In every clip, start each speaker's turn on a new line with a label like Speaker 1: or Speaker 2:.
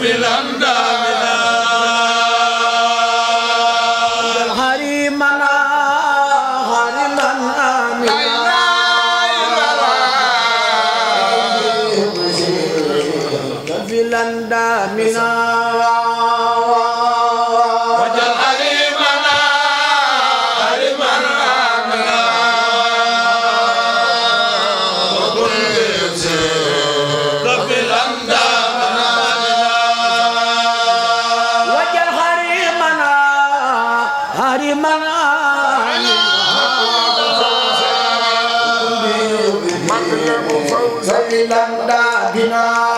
Speaker 1: في لندن المنام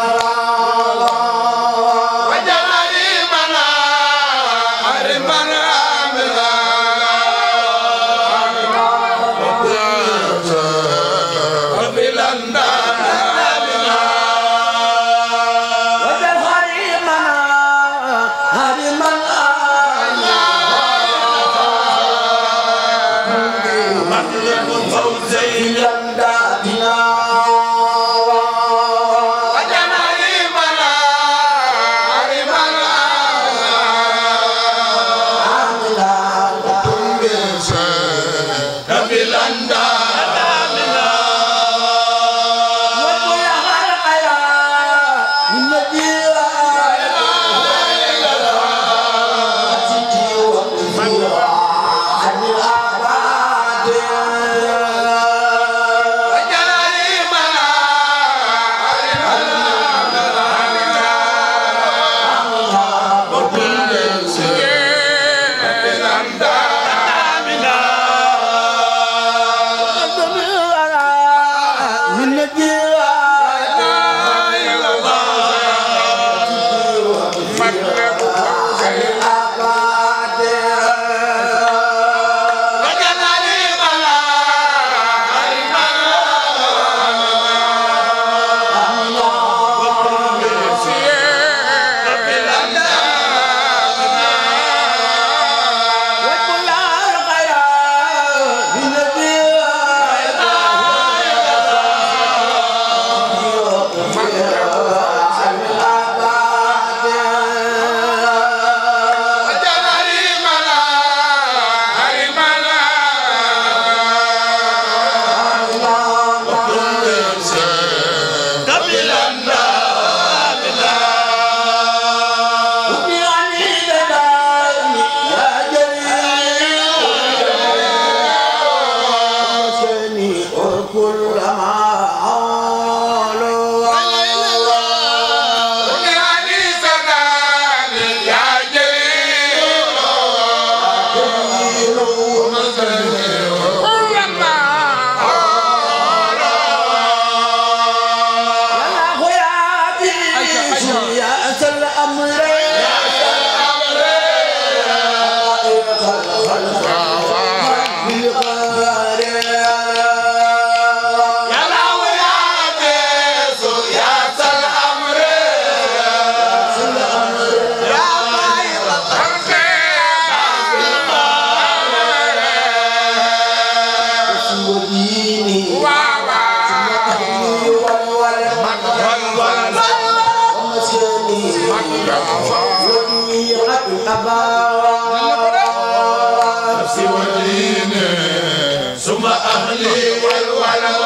Speaker 1: الفوزين again. وأهلي والولد